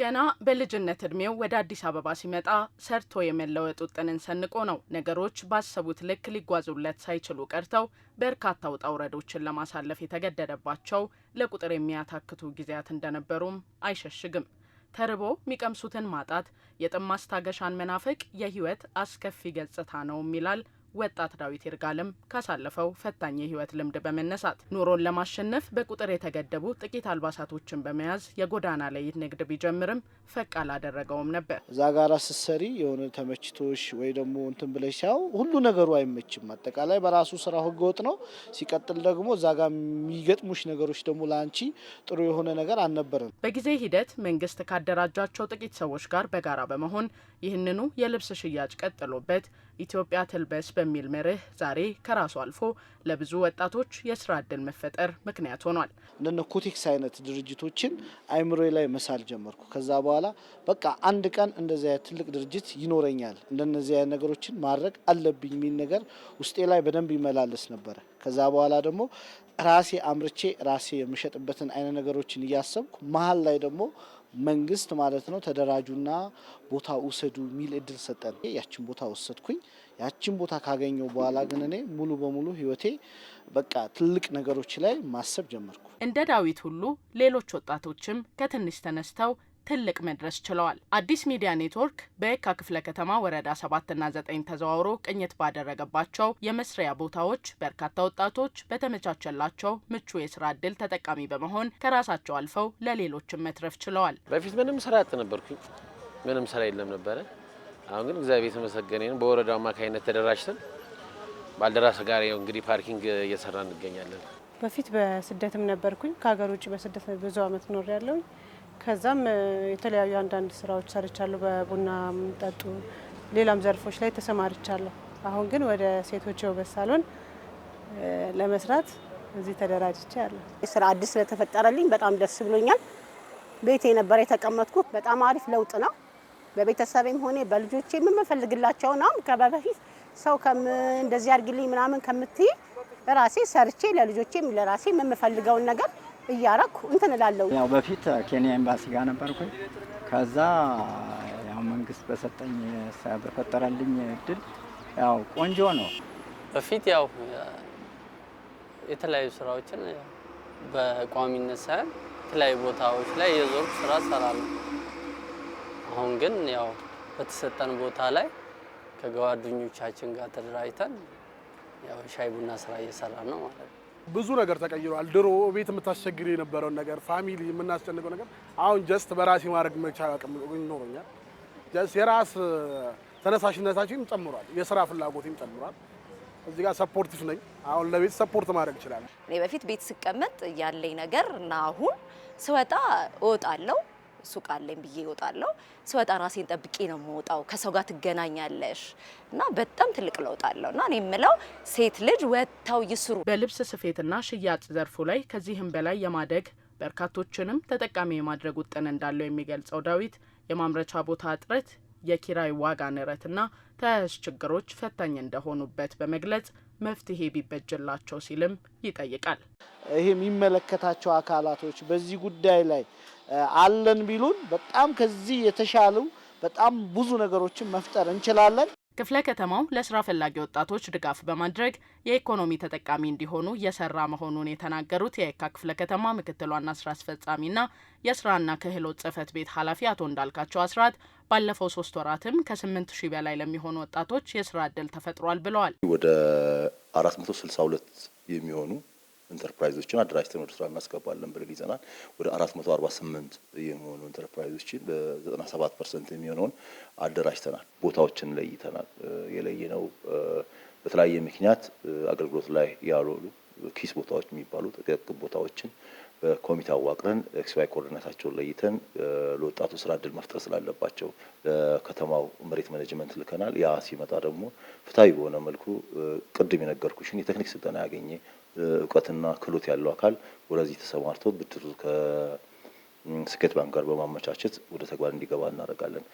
ገና በልጅነት እድሜው ወደ አዲስ አበባ ሲመጣ ሰርቶ የመለወጥ ውጥንን ሰንቆ ነው ነገሮች ባሰቡት ልክ ሊጓዙለት ሳይችሉ ቀርተው በርካታ ውጣ ውረዶችን ለማሳለፍ የተገደደባቸው ለቁጥር የሚያታክቱ ጊዜያት እንደነበሩም አይሸሽግም። ተርቦ የሚቀምሱትን ማጣት፣ የጥም ማስታገሻን መናፈቅ የህይወት አስከፊ ገጽታ ነውም ይላል። ወጣት ዳዊት ይርጋለም ካሳለፈው ፈታኝ የህይወት ልምድ በመነሳት ኑሮን ለማሸነፍ በቁጥር የተገደቡ ጥቂት አልባሳቶችን በመያዝ የጎዳና ላይ ንግድ ቢጀምርም ፈቅ አላደረገውም ነበር። እዛ ጋር ስሰሪ የሆነ ተመችቶሽ ወይ ደግሞ እንትን ብለሽ ሲያው ሁሉ ነገሩ አይመችም። አጠቃላይ በራሱ ስራ ህገወጥ ነው። ሲቀጥል ደግሞ እዛ ጋር የሚገጥሙሽ ነገሮች ደግሞ ለአንቺ ጥሩ የሆነ ነገር አልነበርም። በጊዜ ሂደት መንግስት ካደራጃቸው ጥቂት ሰዎች ጋር በጋራ በመሆን ይህንኑ የልብስ ሽያጭ ቀጥሎበት ኢትዮጵያ ትልበስ በሚል መርህ ዛሬ ከራሱ አልፎ ለብዙ ወጣቶች የስራ እድል መፈጠር ምክንያት ሆኗል። እንደነ ኮቴክስ አይነት ድርጅቶችን አይምሮ ላይ መሳል ጀመርኩ። ከዛ በኋላ በቃ አንድ ቀን እንደዚያ ትልቅ ድርጅት ይኖረኛል፣ እንደነዚህ ነገሮችን ማድረግ አለብኝ የሚል ነገር ውስጤ ላይ በደንብ ይመላለስ ነበረ። ከዛ በኋላ ደግሞ ራሴ አምርቼ ራሴ የምሸጥበትን አይነት ነገሮችን እያሰብኩ መሀል ላይ ደግሞ መንግስት ማለት ነው ተደራጁና ቦታ ውሰዱ የሚል እድል ሰጠን። ያችን ቦታ ወሰድኩኝ። ያችን ቦታ ካገኘው በኋላ ግን እኔ ሙሉ በሙሉ ህይወቴ በቃ ትልቅ ነገሮች ላይ ማሰብ ጀመርኩ። እንደ ዳዊት ሁሉ ሌሎች ወጣቶችም ከትንሽ ተነስተው ትልቅ መድረስ ችለዋል። አዲስ ሚዲያ ኔትወርክ በየካ ክፍለ ከተማ ወረዳ ሰባትና ዘጠኝ ተዘዋውሮ ቅኝት ባደረገባቸው የመስሪያ ቦታዎች በርካታ ወጣቶች በተመቻቸላቸው ምቹ የስራ እድል ተጠቃሚ በመሆን ከራሳቸው አልፈው ለሌሎችም መትረፍ ችለዋል። በፊት ምንም ስራ ያጥ ነበርኩኝ። ምንም ስራ የለም ነበረ። አሁን ግን እግዚአብሔር የተመሰገነ ነው። በወረዳው አማካኝነት ተደራጅተን ባልደራስ ጋር እንግዲህ ፓርኪንግ እየሰራ እንገኛለን። በፊት በስደትም ነበርኩኝ። ከሀገር ውጭ በስደት ብዙ አመት ኖር ያለውኝ ከዛም የተለያዩ አንዳንድ ስራዎች ሰርቻለሁ። በቡና ጠጡ ሌላም ዘርፎች ላይ ተሰማርቻለሁ። አሁን ግን ወደ ሴቶች የውበት ሳሎን ለመስራት እዚህ ተደራጅቼ አለ። ስራ አዲስ ስለተፈጠረልኝ በጣም ደስ ብሎኛል። ቤቴ ነበር የተቀመጥኩ በጣም አሪፍ ለውጥ ነው። በቤተሰብም ሆኔ በልጆቼ የምንፈልግላቸው ናም ከበፊት ሰው እንደዚህ አድርጊልኝ ምናምን ከምትይ ራሴ ሰርቼ ለልጆቼም ለራሴ የምፈልገውን ነገር እያረኩ እንትን እላለሁ። ያው በፊት ኬንያ ኤምባሲ ጋር ነበርኩኝ። ከዛ ያው መንግስት በሰጠኝ በፈጠረልኝ እድል ያው ቆንጆ ነው። በፊት ያው የተለያዩ ስራዎችን በቋሚነት ሳይሆን የተለያዩ ቦታዎች ላይ የዞርኩ ስራ እሰራለሁ። አሁን ግን ያው በተሰጠን ቦታ ላይ ከጓደኞቻችን ጋር ተደራጅተን ያው ሻይ ቡና ስራ እየሰራ ነው ማለት ነው። ብዙ ነገር ተቀይሯል። ድሮ ቤት የምታስቸግር የነበረውን ነገር ፋሚሊ የምናስጨንቀው ነገር አሁን ጀስት በራሴ ማድረግ መቻል አቅም ይኖረኛል። ጀስት የራስ ተነሳሽነታችን ጨምሯል፣ የስራ ፍላጎትም ጨምሯል። እዚህ ጋር ሰፖርቲቭ ነኝ። አሁን ለቤት ሰፖርት ማድረግ ይችላል። እኔ በፊት ቤት ስቀመጥ ያለኝ ነገር እና አሁን ስወጣ እወጣለሁ ሱቅ አለኝ ብዬ እወጣለሁ። ስወጣ ራሴን ጠብቄ ነው የምወጣው። ከሰው ጋር ትገናኛለሽ እና በጣም ትልቅ ለውጥ አለው እና እኔ የምለው ሴት ልጅ ወጥተው ይስሩ። በልብስ ስፌትና ሽያጭ ዘርፉ ላይ ከዚህም በላይ የማደግ በርካቶችንም ተጠቃሚ የማድረግ ውጥን እንዳለው የሚገልጸው ዳዊት የማምረቻ ቦታ እጥረት፣ የኪራይ ዋጋ ንረትና ተያያዥ ችግሮች ፈታኝ እንደሆኑበት በመግለጽ መፍትሄ ቢበጅላቸው ሲልም ይጠይቃል። ይህ የሚመለከታቸው አካላቶች በዚህ ጉዳይ ላይ አለን ቢሉን በጣም ከዚህ የተሻሉ በጣም ብዙ ነገሮችን መፍጠር እንችላለን። ክፍለ ከተማው ለስራ ፈላጊ ወጣቶች ድጋፍ በማድረግ የኢኮኖሚ ተጠቃሚ እንዲሆኑ እየሰራ መሆኑን የተናገሩት የየካ ክፍለ ከተማ ምክትል ዋና ስራ አስፈጻሚና የስራና ክህሎት ጽህፈት ቤት ኃላፊ አቶ እንዳልካቸው አስራት ባለፈው ሶስት ወራትም ከስምንት ሺህ በላይ ለሚሆኑ ወጣቶች የስራ እድል ተፈጥሯል ብለዋል። ወደ አራት መቶ ስልሳ ሁለት የሚሆኑ ኢንተርፕራይዞችን አደራጅተን ወደ ስራ እናስገባለን ብለን ይዘናል። ወደ 448 የሚሆኑ ኢንተርፕራይዞችን በ97 ፐርሰንት የሚሆነውን አደራጅተናል። ቦታዎችን ለይተናል። የለየነው በተለያየ ምክንያት አገልግሎት ላይ ያልዋሉ ኪስ ቦታዎች የሚባሉ ጥቃቅን ቦታዎችን በኮሚቴ አዋቅረን ኤክስዋይ ኮርዲኔታቸውን ለይተን ለወጣቱ ስራ እድል መፍጠር ስላለባቸው ለከተማው መሬት ማኔጅመንት ልከናል። ያ ሲመጣ ደግሞ ፍትሐዊ በሆነ መልኩ ቅድም የነገርኩሽን የቴክኒክ ስልጠና ያገኘ እውቀትና ክህሎት ያለው አካል ወደዚህ ተሰማርቶ ብድሩ ከስኬት ባንክ ጋር በማመቻቸት ወደ ተግባር እንዲገባ እናደርጋለን።